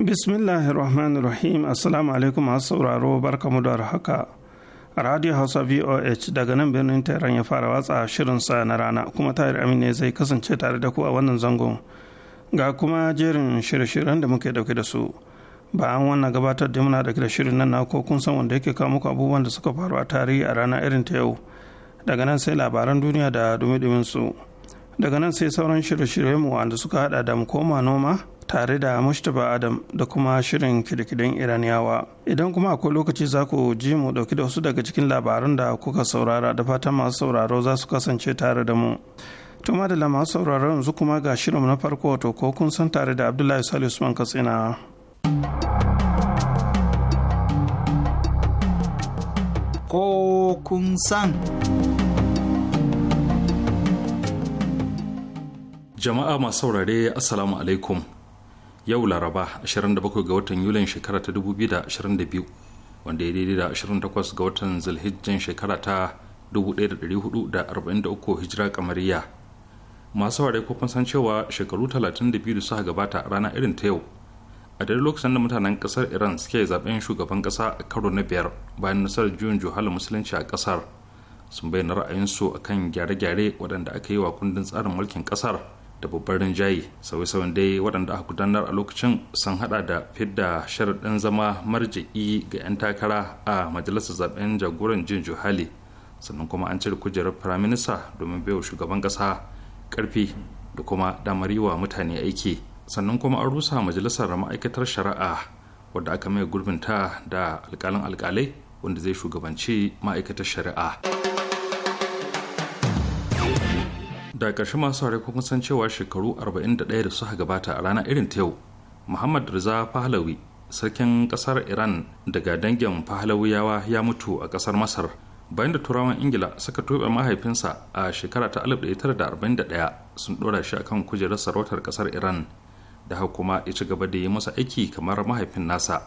bismillahir rahmanir rahim assalamu alaikum masu sauraro barkamu da haka radio hausa voh daga nan birnin tehran ya fara watsa shirin sa na rana kuma tahir amin ne zai kasance tare da ku a wannan zangon ga kuma jerin shirye-shiryen da muke dauke da su bayan wannan gabatar da muna dauke da shirin nan na ko kun san wanda yake kawo muku abubuwan da suka faru a tarihi a rana irin ta yau daga nan sai labaran duniya da dumi su daga nan sai sauran shirye-shirye mu wanda suka hada da koma noma tare da mustapha adam da kuma shirin kirkirin iraniyawa idan kuma akwai lokaci za ku ji mu dauki da wasu daga cikin labaran da kuka saurara da fatan masu sauraro za su kasance tare da mu To da lamar sauraron yanzu kuma ga shirinmu na farko wato ko kun san tare da Abdullahi Sali Usman Katsina. Ko kun san. Jama'a masu saurare Assalamu alaikum. Yau Laraba 27 ga watan Yulin shekara ta 2022 wanda ya daidai da 28 ga watan Zulhijjan shekara ta 1443 hijira kamariya. masu ware ko san cewa shekaru 32 da suka gabata rana irin ta yau a dare lokacin da mutanen kasar iran suke zaben shugaban kasa a karo na biyar bayan nasarar juyin juhalar musulunci a kasar sun bayyana ra'ayinsu a kan gyare-gyare waɗanda aka yi wa kundin tsarin mulkin kasar da babbar rinjaye sauye-sauyen dai waɗanda aka gudanar a lokacin sun hada da fidda sharaɗin zama marji'i ga 'yan takara a majalisar zaben jagoran jin juhali sannan kuma an cire kujerar firaminista domin baiwa shugaban ƙasa karfi da kuma damar yiwa wa mutane aiki sannan kuma an rusa majalisar ma'aikatar shari'a wadda aka mai gurbinta da alkalin alkalai wanda zai shugabanci ma'aikatar shari'a da ƙarshe masu hare kun san cewa shekaru 41 da suka gabata a rana irin ta yau muhammad riza pahlawi sarkin ƙasar iran daga dangin pahlawiyawa ya mutu a ƙasar masar bayan da turawan ingila suka tuɓe mahaifinsa a shekara ta 1941 sun ɗora shi akan kujerar sarautar kasar iran da haka kuma ya ci gaba da yi masa aiki kamar mahaifin nasa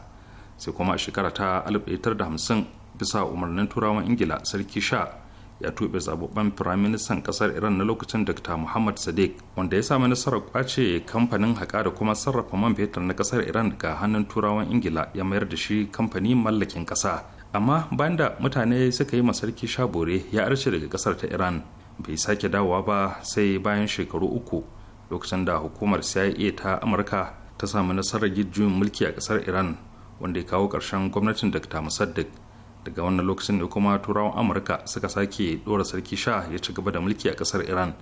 sai kuma a shekara ta 1950 bisa umarnin turawan ingila sarki sha ya tuɓe zababben firaministan kasar iran na lokacin dr muhammad sadiq wanda ya sami nasarar kwace kamfanin haƙa da kuma sarrafa man fetur na kasar iran daga hannun turawan ingila ya mayar da shi kamfanin mallakin ƙasa amma bayan da mutane suka yi masarki shabore ya arce daga kasar ta iran bai sake dawowa ba sai bayan shekaru uku lokacin da hukumar cia ta amurka ta samu nasarar gijin mulki a kasar iran wanda ya kawo karshen gwamnatin dr musaddiq daga wannan lokacin ne kuma turawan amurka suka sake dora sarki sha ya ci gaba da mulki a kasar iran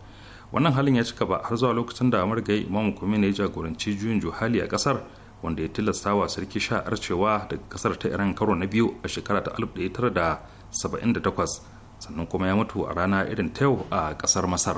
wannan halin ya ci gaba har zuwa lokacin da amurka imam ne ya jagoranci juyin juhali a kasar wanda ya tilasta wa sarki sha'ar cewa daga kasar ta iran karo na biyu a shekara ta 1978 sannan kuma ya mutu a rana irin ta yau a kasar masar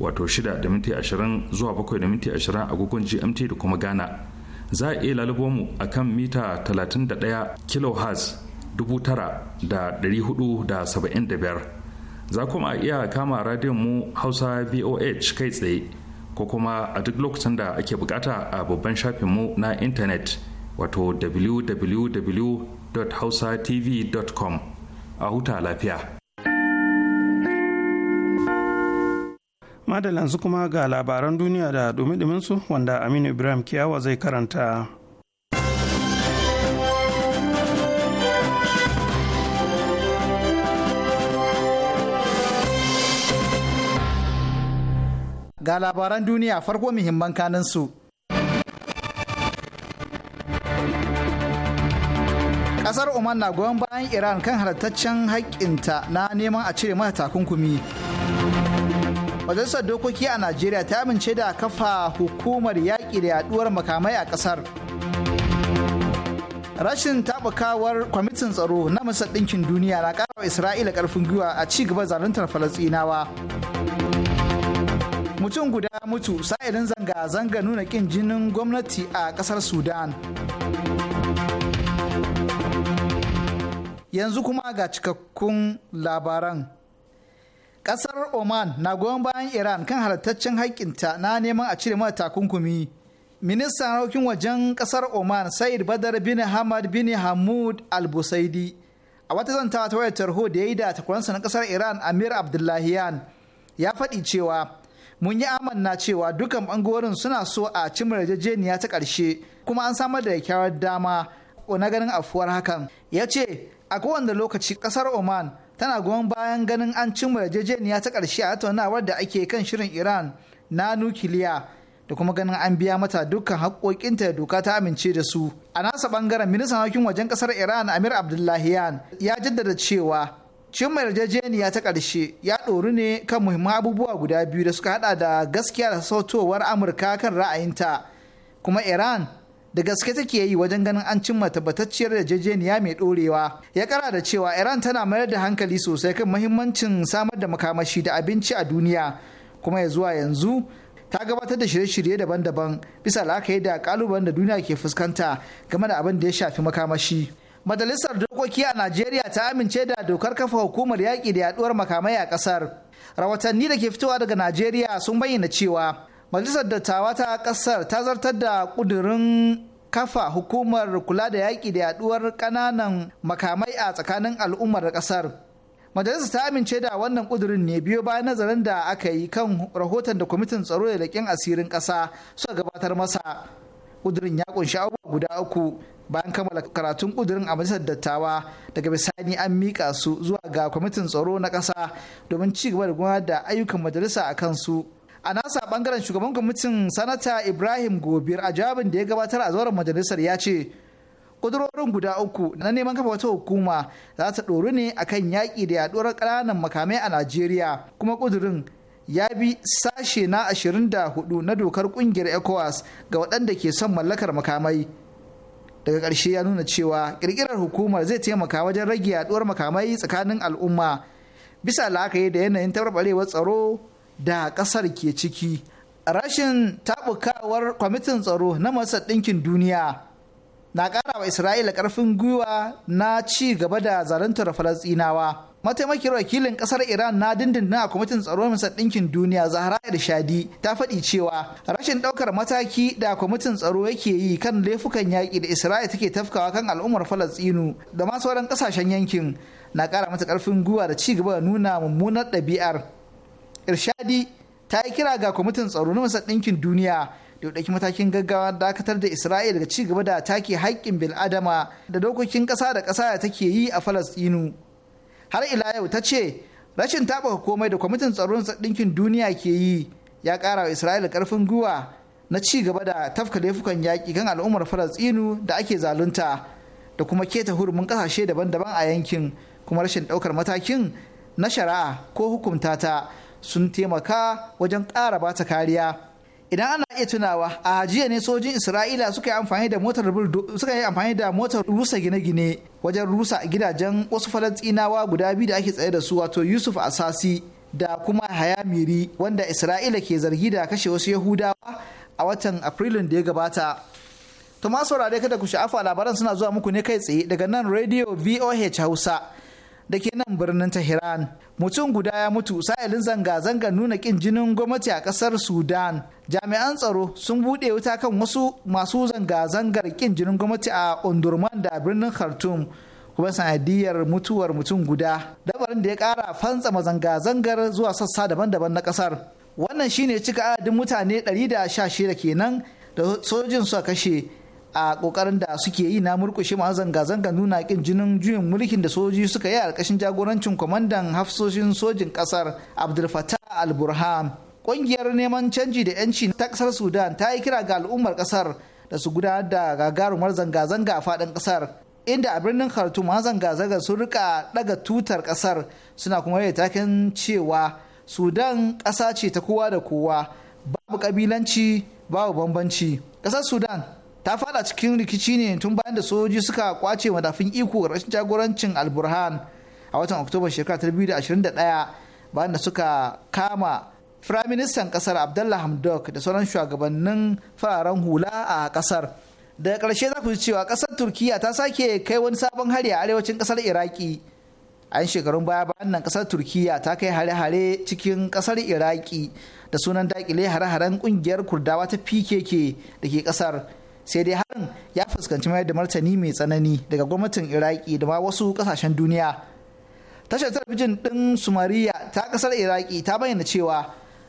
wato 6 da 20 zuwa 7 da minti agogon gmt da kuma ghana za a iya lalubo mu a kan mita 31 kilohertz 9475 za kuma a iya kama radiyon mu hausa voh kai tsaye ko kuma a duk lokacin da ake bukata a babban mu na intanet wato www.hausatv.com a huta lafiya. madalansu kuma ga labaran duniya da dumi su wanda aminu ibrahim kiyawa zai karanta ga labaran duniya farko muhimman kaninsu kasar oman na goyon bayan iran kan halittaccen haƙƙinta na neman a cire mata takunkumi majalisar dokoki a najeriya ta amince da kafa hukumar yaƙi da yaɗuwar makamai a ƙasar rashin tabakawar kwamitin tsaro na masar ɗinkin duniya na ƙarawa isra'ila ƙarfin gwiwa a ci gaba zaluntar falasɗinawa mutum guda mutu sa'irin zanga-zanga nuna ƙin jinin gwamnati a ƙasar sudan yanzu kuma ga cikakkun labaran kasar Oman na goyon bayan Iran kan halittaccen haƙƙinta na neman a cire mata takunkumi. Ministan harkokin wajen kasar Oman Said Badar bin Hamad bin Hamud Al-Busaidi a wata zantawa ta wayar tarho da ya yi da takwaransa na kasar Iran Amir Abdullahiyan ya faɗi cewa mun yi amanna cewa dukkan bangorin suna so a cimma yarjejeniya ta ƙarshe kuma an samar da kyakkyawar dama ko na ganin afuwar hakan ya ce a kowane lokaci kasar oman tana goyon bayan ganin an cimma yarjejeniya ta ƙarshe a tattaunawar da ake kan shirin iran na nukiliya da kuma ganin an biya mata dukkan haƙoƙinta da doka ta amince da su a nasa ɓangaren ministan harkokin wajen ƙasar iran amir abdullahiyan ya jaddada cewa cimma yarjejeniya ta ƙarshe ya ɗoru ne kan muhimman abubuwa guda biyu da suka haɗa da gaskiya da sautowar amurka kan ra'ayinta kuma iran da gaske take yi wajen ganin an cimma tabbatacciyar yarjejeniya mai ɗorewa. ya kara da cewa iran tana mayar da hankali sosai kan mahimmancin samar da makamashi da abinci a duniya kuma ya zuwa yanzu ta gabatar da shirye-shirye daban-daban bisa la'akari da kalubalen da duniya ke fuskanta game da abin da ya shafi makamashi majalisar dokoki a najeriya ta amince da dokar kafa hukumar yaƙi da yaduwar makamai a ƙasar rawatanni da ke fitowa daga najeriya sun bayyana cewa majalisar dattawa ta ƙasar ta zartar da ƙudurin kafa hukumar kula da yaƙi da yaɗuwar ƙananan makamai a tsakanin al'ummar ƙasar. Majalisar ta amince da wannan ƙudurin ne biyo bayan nazarin da aka yi kan rahoton da kwamitin tsaro da laƙin asirin ƙasa suka gabatar masa. Ƙudurin ya ƙunshi abubuwa guda uku bayan kammala karatun ƙudurin a majalisar dattawa daga bisani an miƙa su zuwa ga kwamitin tsaro na ƙasa domin ci gaba da gudanar da ayyukan majalisa a kansu. a nasa bangaren shugaban kwamitin sanata ibrahim gobir a jawabin da ya gabatar a zauren majalisar ya ce kudurorin guda uku na neman kafa wata hukuma za ta ɗoru ne akan yaƙi da yaɗuwar ƙananan makamai a najeriya kuma kudurin ya bi sashe na 24 na dokar ƙungiyar ecowas ga waɗanda ke son mallakar makamai daga ƙarshe ya nuna cewa ƙirƙirar hukumar zai taimaka wajen rage yaɗuwar makamai tsakanin al'umma bisa la'akari da yanayin tabarbarewar tsaro da ƙasar ke ciki rashin tabukawar kwamitin tsaro na masar ɗinkin duniya na ƙara wa isra'ila ƙarfin gwiwa na ci gaba da zarantar falasɗinawa mataimakin wakilin ƙasar iran na dindindin a kwamitin tsaro masar ɗinkin duniya zahra el-Shadi ta faɗi cewa rashin ɗaukar mataki da kwamitin tsaro yake yi kan laifukan yaƙi da isra'ila take tafkawa kan al'ummar falastinu da ma sauran ƙasashen yankin na ƙara mata ƙarfin gwiwa da ci gaba da nuna mummunar ɗabi'ar irshadi ta yi kira ga kwamitin tsaro na masar ɗinkin duniya da ɗauki matakin gaggawa dakatar da isra'ila daga ci gaba da take haƙƙin bil'adama da dokokin ƙasa da ƙasa da take yi a falastinu har ila yau ta ce rashin taɓa komai da kwamitin tsaro na ɗinkin duniya ke yi ya ƙara wa isra'ila ƙarfin gwiwa na ci gaba da tafka laifukan yaƙi kan al'ummar falastinu da ake zalunta da kuma keta hurumin ƙasashe daban-daban a yankin kuma rashin ɗaukar matakin na shari'a ko hukunta ta sun taimaka wajen ƙara bata kariya idan ana iya tunawa a jiya ne sojin isra'ila suka yi amfani da motar rusa gine-gine wajen rusa gidajen wasu falastinawa guda biyu da ake tsaye da su wato yusuf asasi da kuma hayamiri wanda isra'ila ke zargi da kashe wasu yahudawa a watan afrilun da ya gabata to masu kada ku sha'afa labaran suna zuwa muku ne kai tsaye daga nan radio voh hausa da ke nan birnin Tehran. Mutum guda ya mutu sa'ilin zanga-zangar nuna kin jinin gwamnati a ƙasar Sudan. Jami'an tsaro sun buɗe wuta kan wasu masu zanga-zangar ƙin jinin gwamnati a Ondurman da birnin Khartoum. Kuma sanadiyar mutuwar mutum guda, dabarin da ya ƙara fantsama zanga-zangar zuwa sassa daban-daban na ƙasar. Wannan shine cika adadin mutane ɗari da 116 kenan da sojin suka kashe a kokarin da suke yi na murkushe masu zanga-zanga nuna kin jinin juyin mulkin da soji suka yi a ƙarƙashin jagorancin kwamandan hafsoshin sojin ƙasar abdul fatah al-burhan ƙungiyar neman canji da 'yanci ta kasar sudan ta yi kira ga al'ummar ƙasar da su gudanar da gagarumar zanga-zanga a faɗin ƙasar inda a birnin khartoum masu zanga-zanga sun rika ɗaga tutar ƙasar suna kuma yi taken cewa sudan ƙasa ce ta kowa da kowa babu ƙabilanci babu bambanci ƙasar sudan ta fada cikin rikici ne tun bayan da sojoji suka kwace madafin iko rashin jagorancin alburhan a watan oktoba shekara 2021 bayan da suka kama firaministan kasar abdullah hamdok da sauran shugabannin fararen hula a kasar daga karshe za ku ji cewa kasar turkiya ta sake kai wani sabon hari a arewacin kasar iraki an shekarun baya bayan nan kasar turkiya ta kai hare-hare cikin kasar iraki da sunan dakile hare-haren kungiyar kurdawa ta pkk da ke kasar sai dai harin ya fuskanci mayar da martani mai tsanani daga gwamnatin iraki da ma wasu kasashen duniya tashar talabijin ɗin sumariya ta ƙasar iraki ta bayyana cewa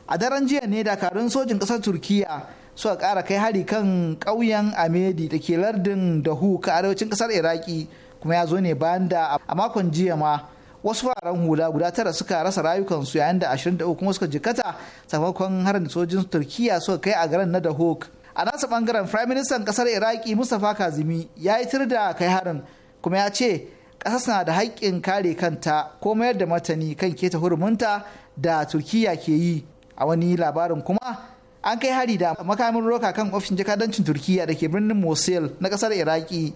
a daren jiya ne dakarun sojin ƙasar turkiya suka ƙara kai hari kan ƙauyen amedi da ke lardin dahu ka arewacin ƙasar iraki kuma ya zo ne bayan da a makon jiya ma wasu fararen hula guda tara suka rasa rayukansu yayin da 23 kuma suka jikata sakamakon harin sojin turkiya suka kai a garin na dahuk a nasa bangaren firaministan kasar iraki mustapha kazimi ya yi tir da kai harin kuma ya ce kasar na da haƙƙin kare kanta ko mayar da martani kan keta hurumunta da turkiya ke yi a wani labarin kuma an kai hari da makamin roka kan ofishin jakadancin turkiya da ke birnin mosul na kasar iraki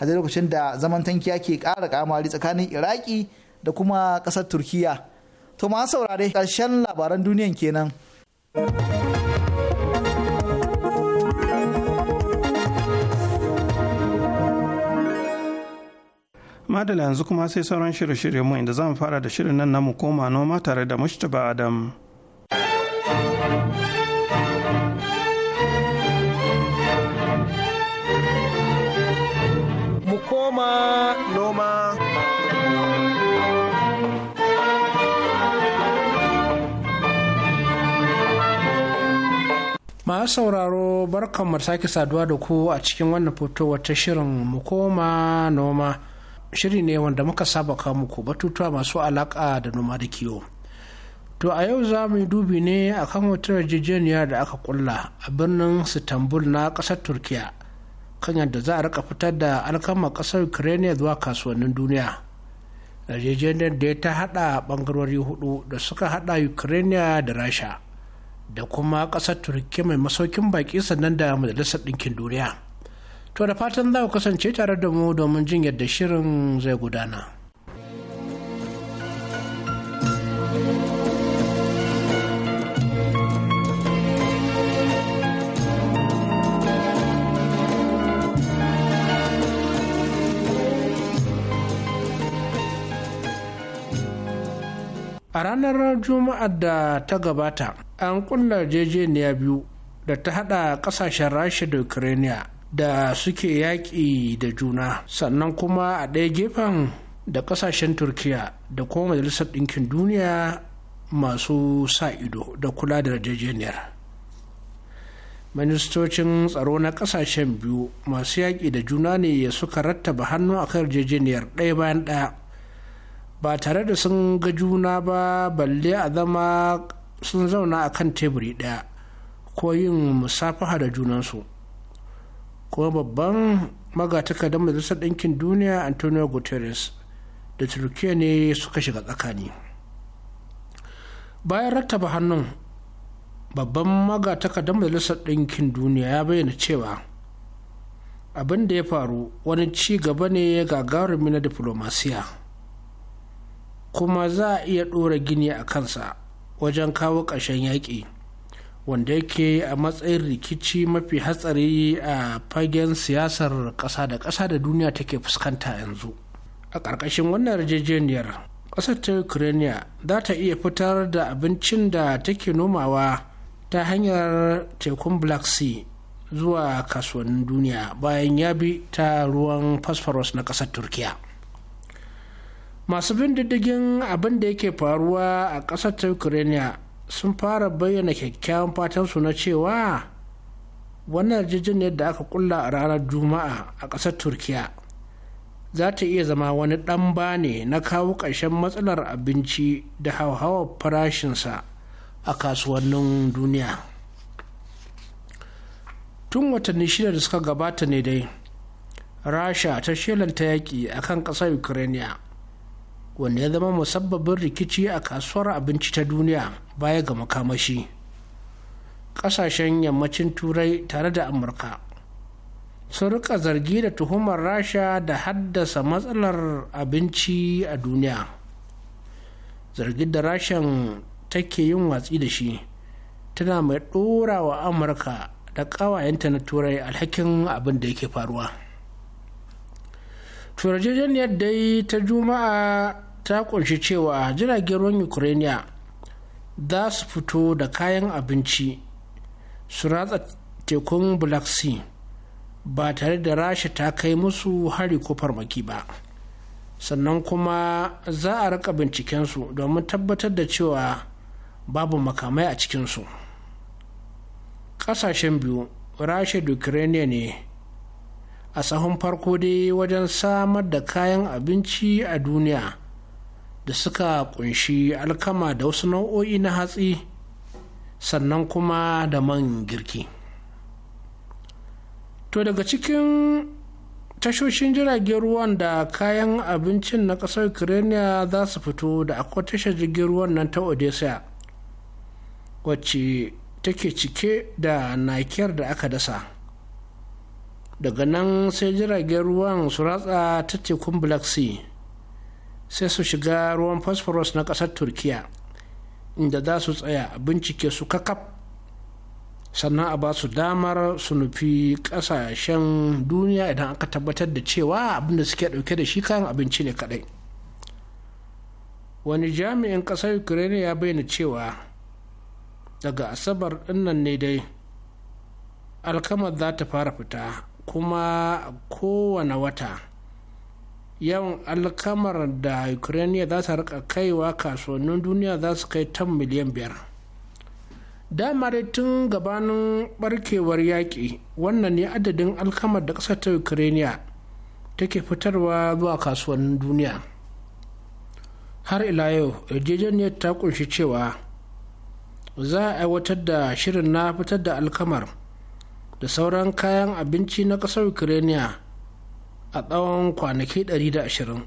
a lokacin da zaman tankiya ke ƙara kamari tsakanin iraki da kuma kasar turkiya to ma saurare ƙarshen labaran duniyan kenan. madala yanzu kuma sai sauran shirye-shirye mu inda zamu fara da shirin nan namu koma noma tare da mushtaba adam mu masu sauraro barkan sake saduwa da ku a cikin wannan foto wata shirin mu koma noma shiri ne wanda muka saba muku batutuwa masu alaka da noma da kiwo. To a yau za mu yi dubi ne a kan wata yarjejeniya da aka kulla a birnin Istanbul na ƙasar Turkiya kan yadda za a rika fitar da alkama ƙasar Ukraine zuwa kasuwannin duniya. Yarjejeniyar da ta haɗa ɓangarori hudu da suka haɗa Ukraine da Rasha da kuma ƙasar Turkiya mai masaukin baƙi sannan da Majalisar Ɗinkin Duniya. to da fatan za ku kasance tare da mu domin jin yadda shirin zai gudana a ranar juma'ar da ta gabata an kulla jejeniya biyu da ta hada kasashen rasha da ukraine da suke yaƙi da juna sannan kuma a ɗaya gefen da ƙasashen turkiya da kuma majalisar ɗinkin duniya masu sa ido da kula da yarjejeniyar ministocin tsaro na ƙasashen biyu masu yaƙi da juna ne ya suka rattaba hannu a kan yarjejeniyar ɗaya bayan ɗaya ba tare da sun ga juna ba balle a zama sun zauna a kan teburi ɗaya ko yin musafaha da junansu kuma babban da majalisar ɗinkin duniya antonio guterres da turkiya ne suka shiga tsakani bayan rattaba hannun babban da majalisar ɗinkin duniya ya bayyana cewa abin da ya faru wani ci gaba ne ya gagarumi na diflomasiya kuma za a iya ɗora gini a kansa wajen kawo ƙarshen yaƙi wanda yake a matsayin rikici mafi hatsari a fagen siyasar ƙasa da ƙasa da duniya take fuskanta yanzu a ƙarƙashin wannan yarjejeniyar ƙasar ta ukraine za ta iya fitar da abincin da take nomawa ta hanyar tekun black sea zuwa kasuwannin duniya bayan ya bi ta ruwan phosphorus na ƙasar turkiya masu bin diddigin abin da yake faruwa a ƙasar ta ukraine sun fara bayyana kyakkyawan fatansu na cewa wannan jijin da aka kulla a ranar juma'a a ƙasar turkiya za ta iya zama wani ɗan bane na kawo ƙarshen matsalar abinci da hauhawar farashinsa a kasuwannin duniya tun watanni shida da suka gabata ne dai rasha ta shelanta yaƙi a kan ƙasar ukraine wanda ya zama musabbabin rikici a kasuwar abinci ta duniya baya ga makamashi ƙasashen yammacin turai tare da amurka sun rika zargi da tuhumar rasha da haddasa matsalar abinci a duniya zargi da rashan take yin watsi da shi tana mai ɗora wa amurka da ƙawayenta na turai alhakin abin da yake faruwa turajeniyar dai ta juma'a ta ƙunshi cewa jiragen ruwan ukraine za su fito da kayan abinci su ratsa tekun black sea ba tare da rasha ta kai musu hari ko farmaki ba sannan kuma za a rika bincikensu domin tabbatar da cewa babu makamai a cikinsu ƙasashen biyu rasha da ukraine ne a sahun farko dai wajen samar da kayan abinci a duniya da suka kunshi alkama da wasu nau'o'i na hatsi sannan kuma da man girki to daga cikin tashoshin jiragen ruwan da kayan abincin na ƙasar ukraine za su fito da akwai tashar jirgin ruwan nan ta odessa wacce take cike da nakiyar da aka dasa daga nan sai jiragen ruwan su ratsa ta tekun black sea sai su shiga ruwan phosphorus na ƙasar turkiya inda za su tsaya a bincike su kakaf sannan a ba su damar su nufi ƙasashen duniya idan aka tabbatar da cewa abinda suke ɗauke da shi kayan abinci ne kaɗai wani jami'in ƙasar ukraine ya bayyana cewa daga asabar ɗinnan ne dai alkamar za ta fara fita kuma kowane wata yawan alkamar da ukraine za ta rika kaiwa kasuwannin duniya za su kai tan miliyan biyar dama tun gabanin barkewar yaƙi wannan ne adadin alkamar da ƙasar ta ukraine take fitarwa zuwa kasuwannin duniya har ila yau yarjejeniyar ta kunshi cewa za a aiwatar da shirin na fitar da alkamar da sauran kayan abinci na ƙasar ukraine a tsawon kwanaki 120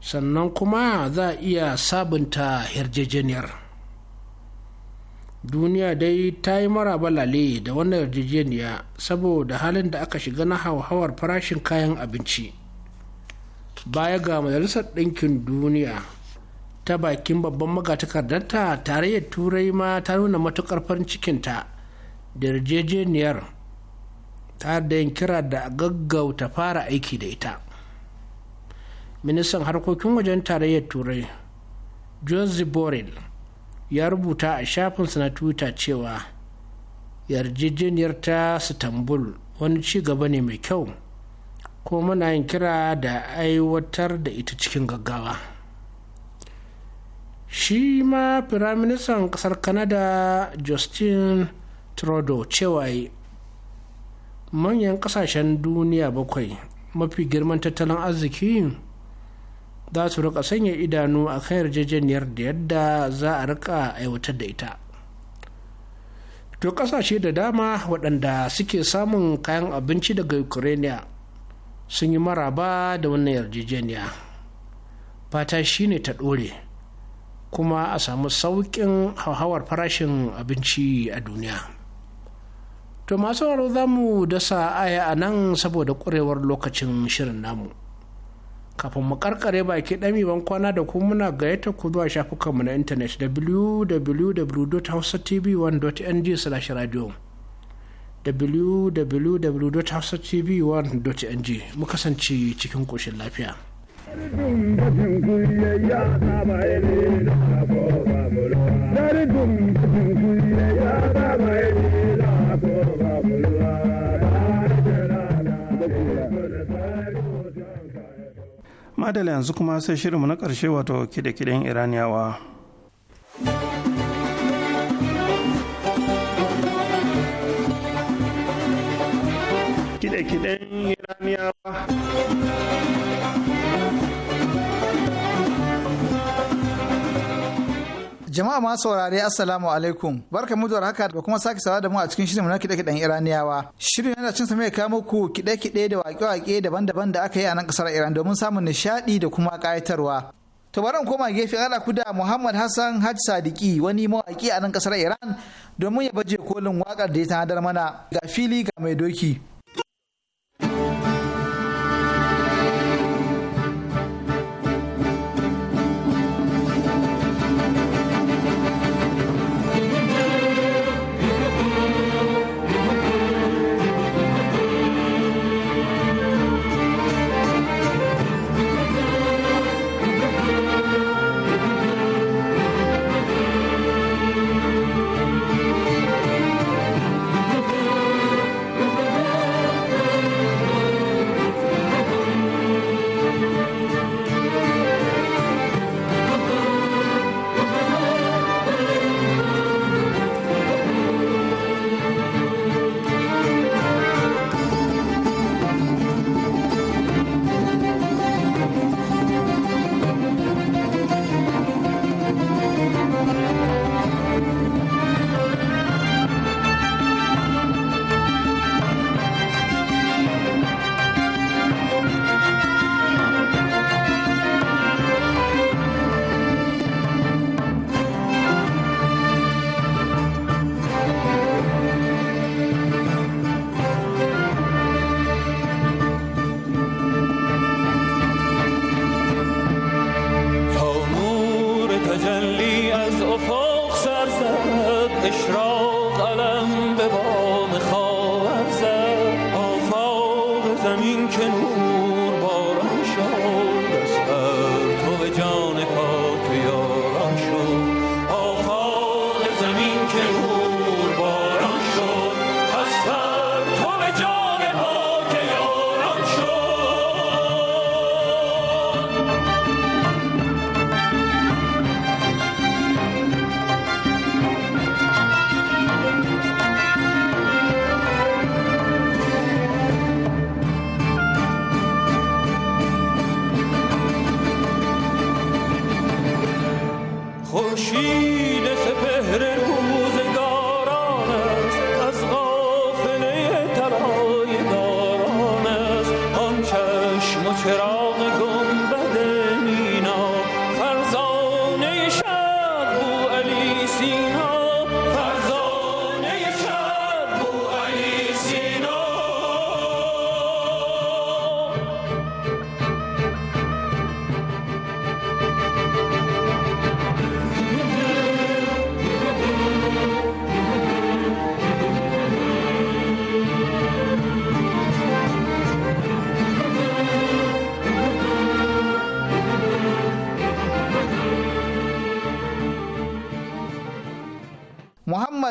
sannan kuma za a iya sabunta yarjejeniyar duniya dai ta yi mara balale da wannan yarjejeniya saboda halin da aka shiga na hauhawar farashin kayan abinci baya ga majalisar ɗinkin duniya ta bakin babban magatakardarta tarayyar turai ma ta nuna matukar farin cikinta da yarjejeniyar ta da yin kira da gaggauta fara aiki da ita ministan harkokin wajen tarayyar turai Jose borrell ya rubuta a shafinsa na twitter cewa yarjejeniyar ta istanbul wani ci gaba ne mai kyau kuma muna yin kira da aiwatar da ita cikin gaggawa shi ma firaministan kasar Kanada justin trudeau cewa manyan kasashen duniya bakwai mafi girman tattalin arziki za su rika sanya idanu a kan yarjejeniyar da yadda za a rika aiwatar da ita to kasashe da dama waɗanda suke samun kayan abinci daga ukraine sun yi maraba da wannan yarjejeniya fata shi ne ta ɗore kuma a samu sauƙin hauhawar farashin abinci a duniya. to masu waro za mu dasa aya a nan saboda ƙurewar lokacin shirin namu kafin mu karkare baki ɗami ban kwana da kuma muna gayyata ku zuwa shafukanmu na intanet www.hausatv1.ng/radio www.hausatv1.ng mu kasance cikin ƙoshin lafiya. Dari dum dum kuyi ya ba mai madala yanzu kuma sai shirinmu na ƙarshe wato kide-kiden iraniyawa kide-kiden iraniyawa Jama'a ma saurare Assalamu alaikum. Barka mu da haka da kuma sake sawa da mu a cikin shirin na kiɗe-kiɗen Iraniyawa. Shirin yana cin mai kawo muku kiɗe-kiɗe da waƙe-waƙe daban-daban da aka yi a nan ƙasar Iran domin samun nishaɗi da kuma kayatarwa. To bari koma gefe ana kuda da Muhammad Hassan Hajj Sadiki wani mawaki a nan ƙasar Iran domin ya baje kolin wakar da ya tanadar mana ga fili ga mai doki.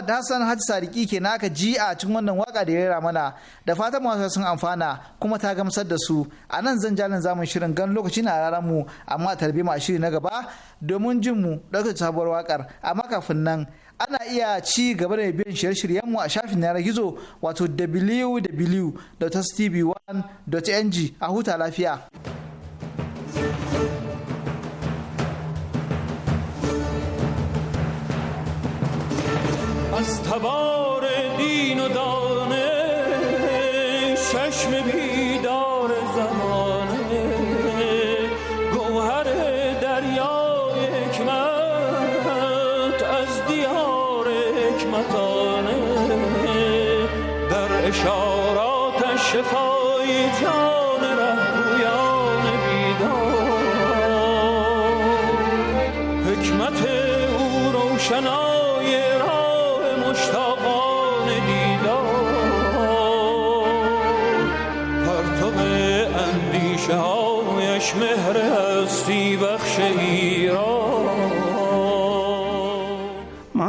Dasan Hassan Hajji Sadiki ke naka ji a cikin wannan waka da ya rera mana da fatan masu sun amfana kuma ta gamsar da su a nan zan jalin zamun shirin gan lokaci na ranar mu amma tarbi ma shiri na gaba domin jin mu ɗaukar sabuwar wakar amma kafin nan ana iya ci gaba da biyan shirye-shiryen mu a shafin yanar gizo wato www.tv1.ng a huta lafiya. از تبار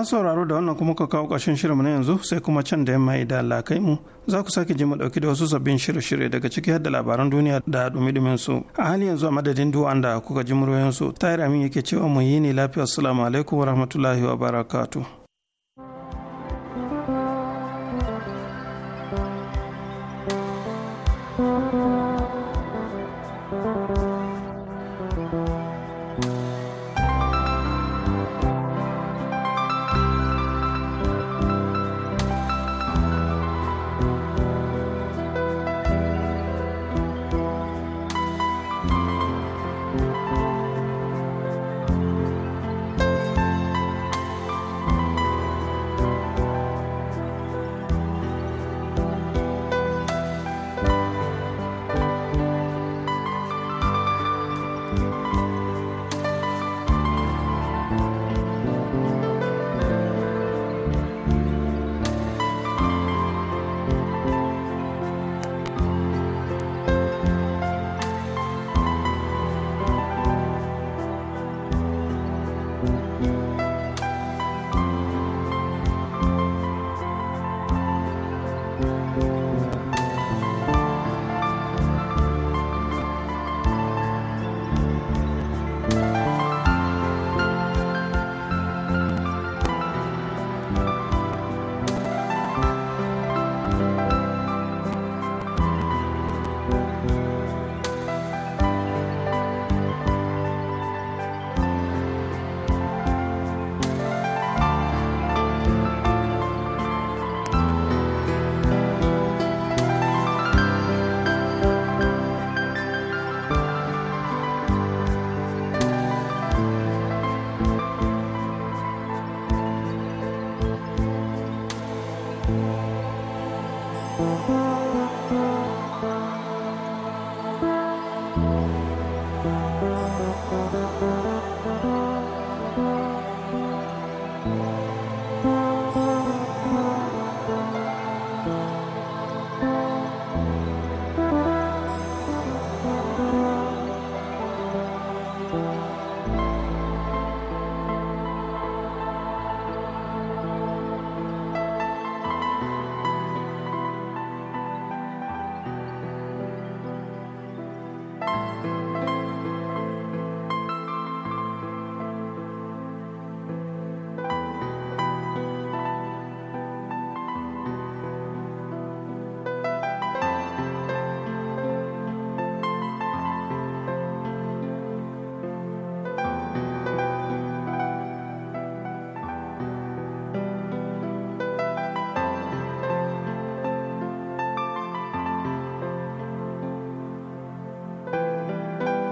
sauraro da wannan kuma ka kawo ƙarshen shirinmu na yanzu sai kuma can da yamma idan lakai mu za ku sake ji mu dauki da wasu sabbin shirye-shirye daga ciki har da labaran duniya da dumi-dumin su a hali yanzu a madadin duwan da kuka ji muryoyin su tayar amin yake cewa mu yi ne lafiya assalamu alaikum wa rahmatullahi wa barakatu. thank you